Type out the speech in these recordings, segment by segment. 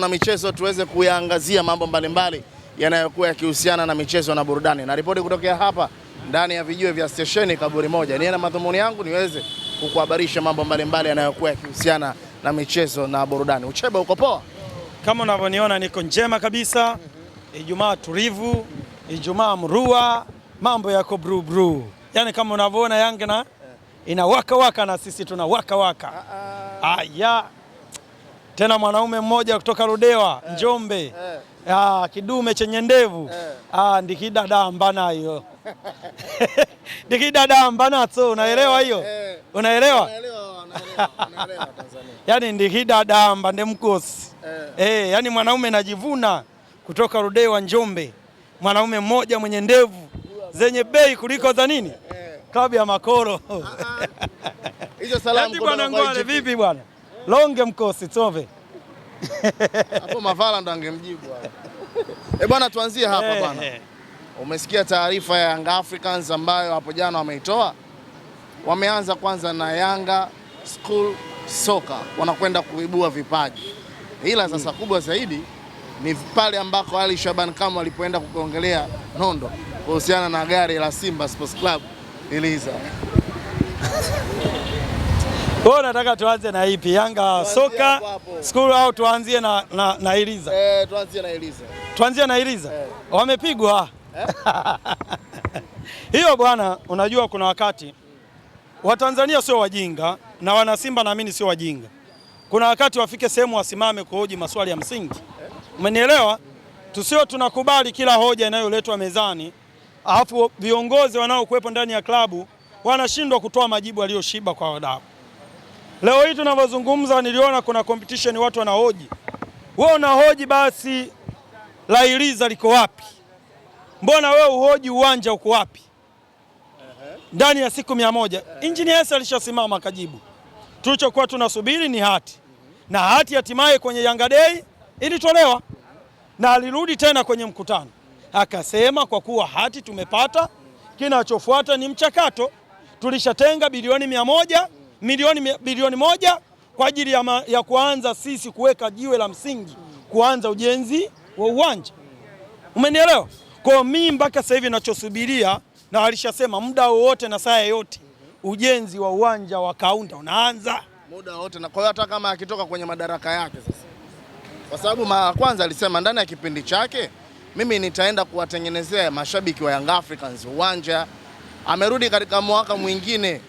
michezo tuweze kuyaangazia mambo mbalimbali yanayokuwa yakihusiana na michezo na burudani. Na ripoti kutokea hapa ndani ya vijiwe vya stesheni Kaburi Moja, niye na madhumuni yangu niweze kukuhabarisha mambo mbalimbali yanayokuwa yakihusiana na michezo na burudani. ucheba uko poa? Kama unavyoniona niko njema kabisa. Ijumaa tulivu, Ijumaa mrua, mambo yako bru bru. Yaani kama unavyoona Yanga na inawaka waka na sisi tuna waka waka. Ah, ah. Aya, tena mwanaume mmoja kutoka Ludewa eh, Njombe eh. Ah, kidume chenye ndevu eh. Ah, ndikidada mbana hiyo ndikidada mbana tu, unaelewa hiyo eh. Unaelewa, unaelewa, Yani ndikidada mbande mkosi eh. Eh, yani mwanaume najivuna kutoka Ludewa Njombe, mwanaume mmoja mwenye ndevu zenye bei kuliko za nini eh, eh. Klabu ya Makoro ah, ah. hizo salamu kwa Ngwale, vipi bwana longe mkosi tove hapo Mavala ndo angemjibu eh bwana, tuanzie hapa eh, bwana eh. Umesikia taarifa ya Young Africans ambayo hapo jana wameitoa, wameanza kwanza na Yanga School Soka, wanakwenda kuibua vipaji, ila hmm. sasa kubwa zaidi ni pale ambako Ali Shaban kama alipoenda kukaongelea nondo kuhusiana na gari la Simba Sports Club iliza Wewe nataka tuanze na ipi? Yanga soka school au tuanzie na na, na Iliza? Eh, tuanzie na Iliza. Tuanzie na Iliza. Eh. Wamepigwa. Eh? Hiyo bwana, unajua kuna wakati Watanzania sio wajinga na wanasimba naamini sio wajinga. Kuna wakati wafike sehemu wasimame kuhoji maswali ya msingi. Eh? Umenielewa? Tusio tunakubali kila hoja inayoletwa mezani, alafu viongozi wanaokuwepo ndani ya klabu wanashindwa kutoa majibu aliyoshiba kwa wadau. Leo hii tunavyozungumza, niliona kuna competition, watu wanahoji. Wewe unahoji basi lailiza liko wapi? Mbona wewe uhoji uwanja uko wapi? Ndani ya siku mia moja injinia S alishasimama akajibu. Tulichokuwa tunasubiri ni hati, na hati hatimaye kwenye Yanga Day ilitolewa, na alirudi tena kwenye mkutano akasema, kwa kuwa hati tumepata, kinachofuata ni mchakato. Tulishatenga bilioni mia moja milioni bilioni moja kwa ajili ya, ma, ya kuanza sisi kuweka jiwe la msingi kuanza ujenzi wa uwanja. Umenielewa? Kwa mimi mpaka sasa hivi ninachosubiria na alishasema muda wowote na saa yote ujenzi wa uwanja wa Kaunda unaanza muda wote, na kwa hiyo hata kama akitoka kwenye madaraka yake sasa, kwa sababu mara kwanza alisema ndani ya kipindi chake mimi nitaenda kuwatengenezea mashabiki wa Young Africans uwanja. Amerudi katika mwaka mwingine.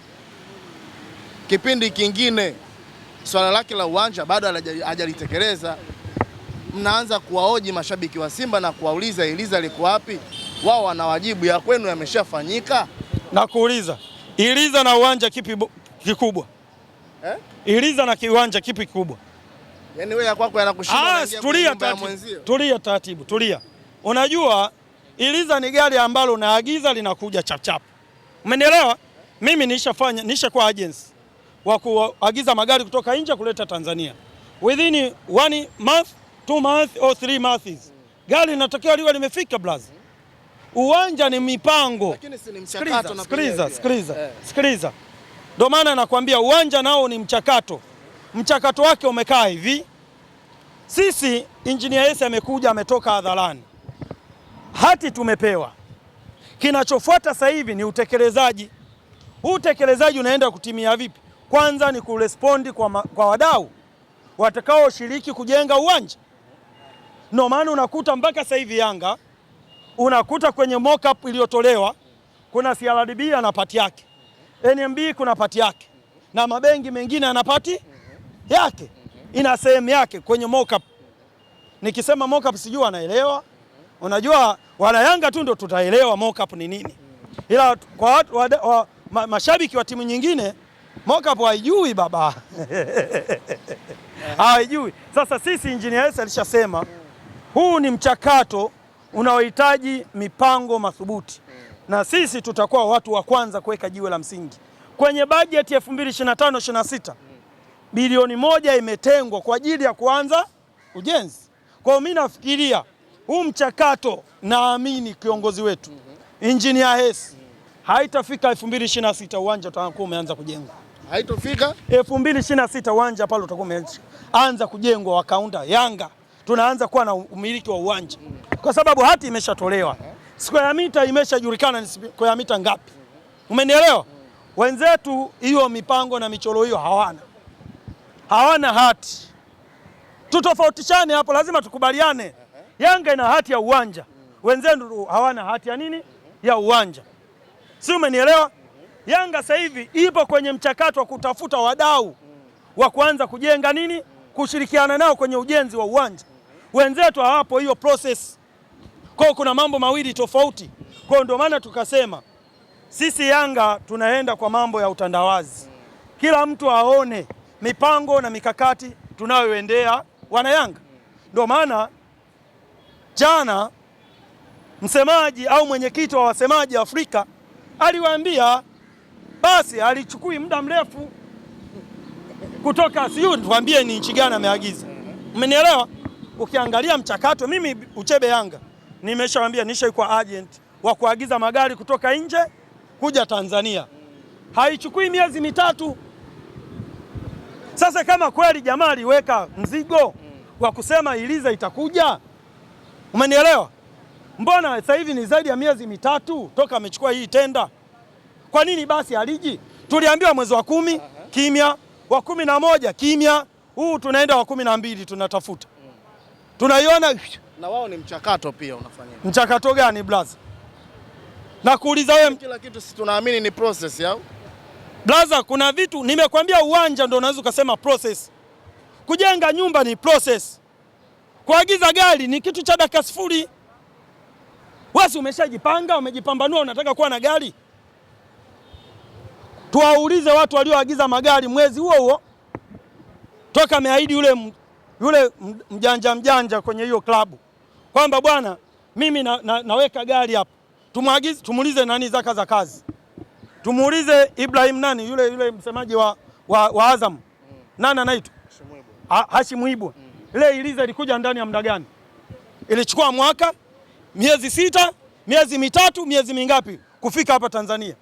Kipindi kingine swala lake la uwanja bado hajalitekeleza. Mnaanza kuwaoji mashabiki wa Simba na kuwauliza Iliza liko wapi? Wao wana wajibu, ya kwenu yameshafanyika. Na kuuliza Iliza na uwanja kipi kikubwa eh? Iliza na kiwanja kipi kikubwa? Yaani wewe yako yanakushinda. Ah, tulia taratibu, tulia taratibu, tulia. Unajua Iliza ni gari ambalo unaagiza linakuja chapchap, umenielewa? Mimi nishafanya nishakuwa agency wa kuagiza magari kutoka nje kuleta Tanzania within one month, two month or three months gari linatakiwa liwe limefika blaza. Uwanja ni mipango, sikiliza. sikiliza, eh. sikiliza. Ndio maana nakwambia uwanja nao ni mchakato, mchakato wake umekaa hivi. Sisi injinia Hersi amekuja ametoka hadharani, hati tumepewa. Kinachofuata sasa hivi ni utekelezaji. Huu utekelezaji unaenda kutimia vipi? kwanza ni kurespondi kwa, kwa wadau watakaoshiriki kujenga uwanja. Ndio maana unakuta mpaka sasa hivi Yanga unakuta kwenye mock up iliyotolewa kuna CRDB ana pati yake, NMB kuna pati yake, na mabengi mengine ana pati yake, ina sehemu yake kwenye mock up. Nikisema mock up sijui anaelewa. Unajua wana Yanga tu ndio tutaelewa mock up ni nini, ila kwa watu, mashabiki wa timu nyingine Mokapo haijui baba haijui. Sasa sisi engineer Esa alishasema huu ni mchakato unaohitaji mipango mathubuti, na sisi tutakuwa watu wa kwanza kuweka jiwe la msingi kwenye bajeti ya 2025 26 bilioni moja imetengwa kwa ajili ya kuanza ujenzi. Kwa hiyo mimi nafikiria huu mchakato, naamini kiongozi wetu mhm. Engineer Hersi haitafika 2026 uwanja utakuwa umeanza kujengwa haitofika 2026 uwanja pale utakuwa umeanza kujengwa wa kaunta Yanga tunaanza kuwa na umiliki wa uwanja kwa sababu hati imeshatolewa, ya mita imeshajulikana ni ya mita ngapi. Umenielewa? Wenzetu hiyo mipango na michoro hiyo hawana, hawana hati. Tutofautishane hapo, lazima tukubaliane. Yanga ina hati ya uwanja, wenzetu hawana hati ya nini, ya uwanja, si umenielewa? Yanga sasa hivi ipo kwenye mchakato wa kutafuta wadau wa kuanza kujenga nini, kushirikiana nao kwenye ujenzi wa uwanja. Wenzetu hawapo hiyo process, kwao kuna mambo mawili tofauti. Kwao ndio maana tukasema sisi Yanga tunaenda kwa mambo ya utandawazi, kila mtu aone mipango na mikakati tunayoendea wana Yanga. Ndio maana jana msemaji au mwenyekiti wa wasemaji Afrika aliwaambia basi alichukui muda mrefu kutoka, sijui tuambie ni nchi gani ameagiza, umenielewa? Ukiangalia mchakato, mimi Uchebe Yanga nimeshawambia nishaikuwa agent wa kuagiza magari kutoka nje kuja Tanzania, haichukui miezi mitatu. Sasa kama kweli jamaa aliweka mzigo wa kusema iliza itakuja, umenielewa? Mbona sasa hivi ni zaidi ya miezi mitatu toka amechukua hii tenda. Kwa nini basi aliji? Tuliambiwa mwezi wa kumi kimya, wa kumi na moja kimya, huu tunaenda wa kumi na mbili tunatafuta, mm. tunaiona. Na wao ni mchakato pia unafanya mchakato gani blaza? Na kuuliza wewe, kila kitu si tunaamini ni process au blaza? Kuna vitu nimekwambia, uwanja ndio unaweza ukasema process, kujenga nyumba ni process, kuagiza gari ni kitu cha dakika sifuri. Wewe umeshajipanga, umejipambanua, unataka kuwa na gari tuwaulize watu walioagiza magari mwezi huo huo toka ameahidi yule, yule mjanja mjanja kwenye hiyo klabu kwamba bwana, mimi na, na, naweka gari hapa. Tumwagize, tumuulize nani zaka za kazi, tumuulize Ibrahim nani yule, yule msemaji wa, wa, wa Azam mm. nani anaitwa Hashim Ibwe mm. ile iliza ilikuja ndani ya muda gani? Ilichukua mwaka, miezi sita, miezi mitatu, miezi mingapi kufika hapa Tanzania?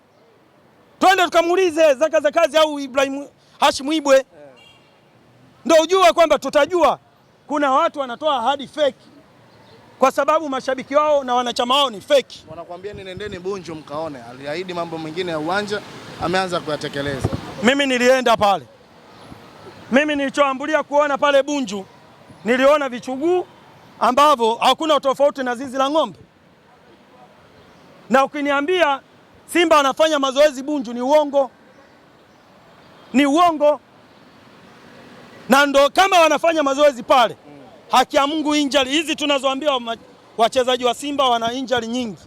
twende tukamuulize Zaka kazi au Ibrahim Hashim Ibwe yeah. Ndio ujua kwamba tutajua kuna watu wanatoa ahadi fake kwa sababu mashabiki wao na wanachama wao ni fake. Wanakuambia ni nendeni Bunju mkaone, aliahidi mambo mengine ya uwanja ameanza kuyatekeleza. Mimi nilienda pale, mimi nilichoambulia kuona pale Bunju niliona vichuguu ambavyo hakuna tofauti na zizi la ng'ombe, na ukiniambia Simba wanafanya mazoezi Bunju ni uongo, ni uongo. Na ndo kama wanafanya mazoezi pale, haki ya Mungu, injali hizi tunazoambiwa wachezaji wa Simba wana injali nyingi,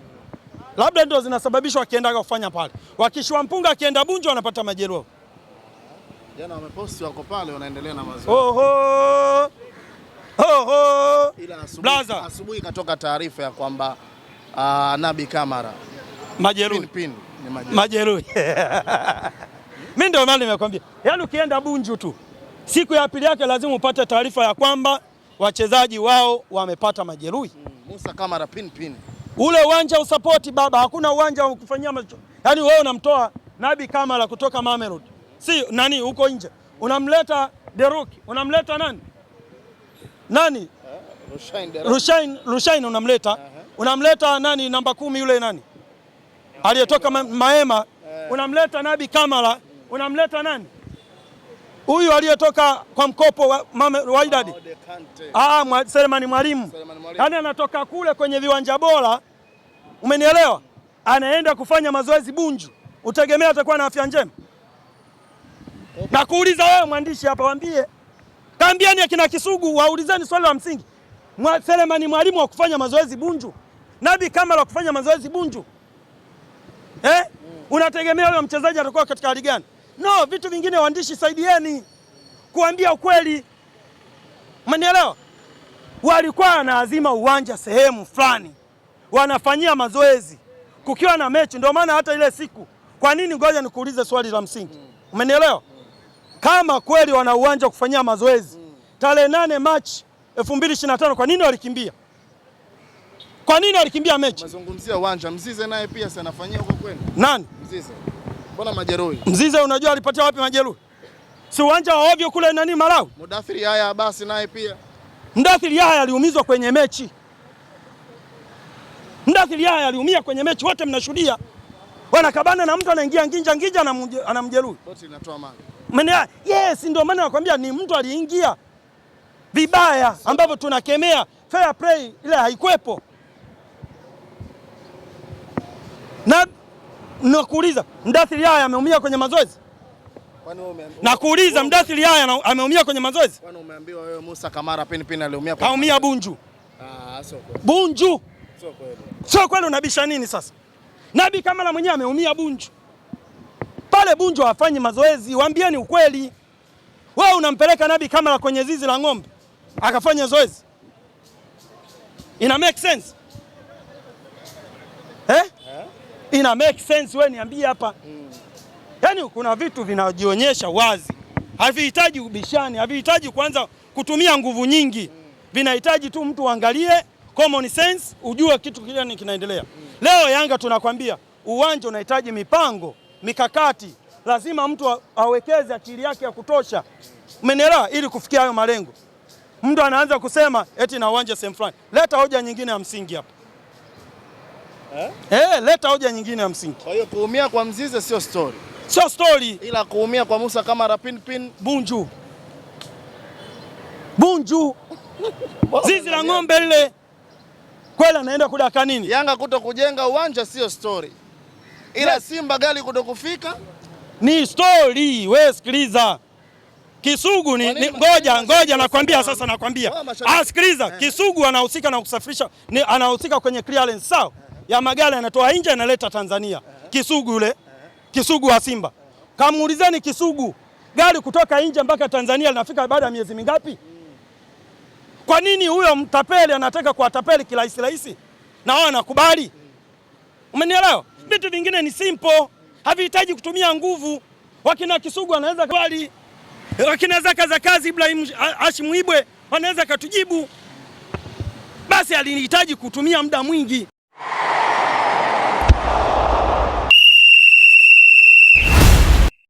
labda ndo zinasababisha wakienda kufanya pale, wakishua mpunga akienda Bunju wanapata majeruhi. Jana wameposti wako pale wanaendelea na mazoezi. Oho. Oho. Ila asubuhi, asubuhi katoka taarifa ya kwamba uh, ah, Nabi Kamara majeruhi majeruhi mi ndio maana nimekwambia, yaani ukienda Bunju tu siku ya pili yake lazima upate taarifa ya kwamba wachezaji wao wamepata majeruhi. Mm, Musa Kamara pin pin, ule uwanja usapoti baba, hakuna uwanja wa kufanyia macho. Yaani wewe unamtoa Nabi Kamara kutoka Mamelodi, si nani huko nje, unamleta Deruki, unamleta nani nani, eh, Rushain, Rushain unamleta, unamleta nani namba kumi yule nani aliyetoka Maema, unamleta Nabi Kamara, unamleta nani huyu aliyetoka kwa mkopo wa Wydad ah, ah, Selemani Mwalimu, yaani anatoka kule kwenye viwanja bora, umenielewa? Anaenda kufanya mazoezi Bunju, utegemea atakuwa na afya njema? Na kuuliza wewe mwandishi hapa, waambie kaambiani akina Kisugu, waulizeni swali la msingi, Selemani Mwalimu wa kufanya mazoezi Bunju, Nabi Kamara wa kufanya mazoezi Bunju eh? Unategemea huyo mchezaji atakuwa katika hali gani? No, vitu vingine waandishi, saidieni kuambia ukweli, umenielewa? Walikuwa wanaazima uwanja sehemu fulani, wanafanyia mazoezi kukiwa na mechi. Ndio maana hata ile siku, kwa nini? Ngoja nikuulize swali la msingi, umenielewa? Kama kweli wana uwanja wa kufanyia mazoezi, tarehe nane Machi 2025 kwa nini walikimbia? Kwa nini alikimbia mechi? Mazungumzia uwanja. Mzize naye pia sanafanyia huko kwenu. Nani? Mzize. Mbona majeruhi? Mzize unajua alipatia wapi majeruhi? Si uwanja wa ovyo kule nani Malawi? Mudathiri haya basi naye pia. Mudathiri haya aliumizwa kwenye mechi. Mudathiri haya aliumia kwenye mechi, wote mnashuhudia. Bwana kabana na mtu anaingia nginja nginja anamjeruhi. Boti inatoa maji. Maana yes, ndio maana nakwambia ni mtu aliingia vibaya ambavyo tunakemea fair play ile haikuwepo. na nakuuliza Mdathiri haya ameumia kwenye mazoezi? Nakuuliza Mdathiri haya ameumia kwenye mazoezi? Kwani umeambiwa wewe Musa Kamara pini pini aliumia kwa kaumia Bunju. Ah, sio kweli. Bunju. Sio kweli. Sio kweli, unabisha nini sasa? Nabi Kamara mwenyewe ameumia Bunju. Pale Bunju hafanyi mazoezi, waambieni ukweli. Wewe unampeleka Nabi Kamara kwenye zizi la ng'ombe akafanya zoezi. Ina make sense? Eh? ina make sense, wewe niambie hapa mm. Yaani kuna vitu vinajionyesha wazi, havihitaji ubishani, havihitaji kwanza kutumia nguvu nyingi mm. Vinahitaji tu mtu uangalie common sense, ujue kitu gani kinaendelea mm. Leo Yanga tunakwambia uwanja unahitaji mipango mikakati, lazima mtu awekeze akili yake ya kutosha, umenielewa, ili kufikia hayo malengo. Mtu anaanza kusema eti na uwanja sehemu fulani, leta hoja nyingine ya msingi hapa eh? Eh, leta hoja nyingine ya msingi. Kwa hiyo kuumia kwa Mzize sio story. Sio story. Ila kuumia kwa Musa kama rapin pin Bunju. Bunju. Zizi la ng'ombe lile. Kweli anaenda kudaka nini? Yanga kuto kujenga uwanja sio story. Ila yes. Simba gali kuto kufika ni story. Wewe sikiliza. Kisugu ni, ni ngoja ngoja, nakwambia sasa, nakwambia asikiliza. Ah, eh. Kisugu anahusika na kusafirisha, anahusika kwenye clearance sawa. Yeah ya magari yanatoa nje yanaleta Tanzania. Kisugu yule, Kisugu wa Simba, kamuulizeni Kisugu, gari kutoka nje mpaka Tanzania linafika baada ya miezi mingapi? Kwa nini huyo mtapeli anataka kuwatapeli kirahisi rahisi na wao anakubali? Umenielewa? Vitu vingine ni simple, havihitaji kutumia nguvu. Wakina Kisugu anaweza kubali, wakina zaka za kazi Ibrahim Hashim Ibwe wanaweza katujibu. Basi alihitaji kutumia muda mwingi.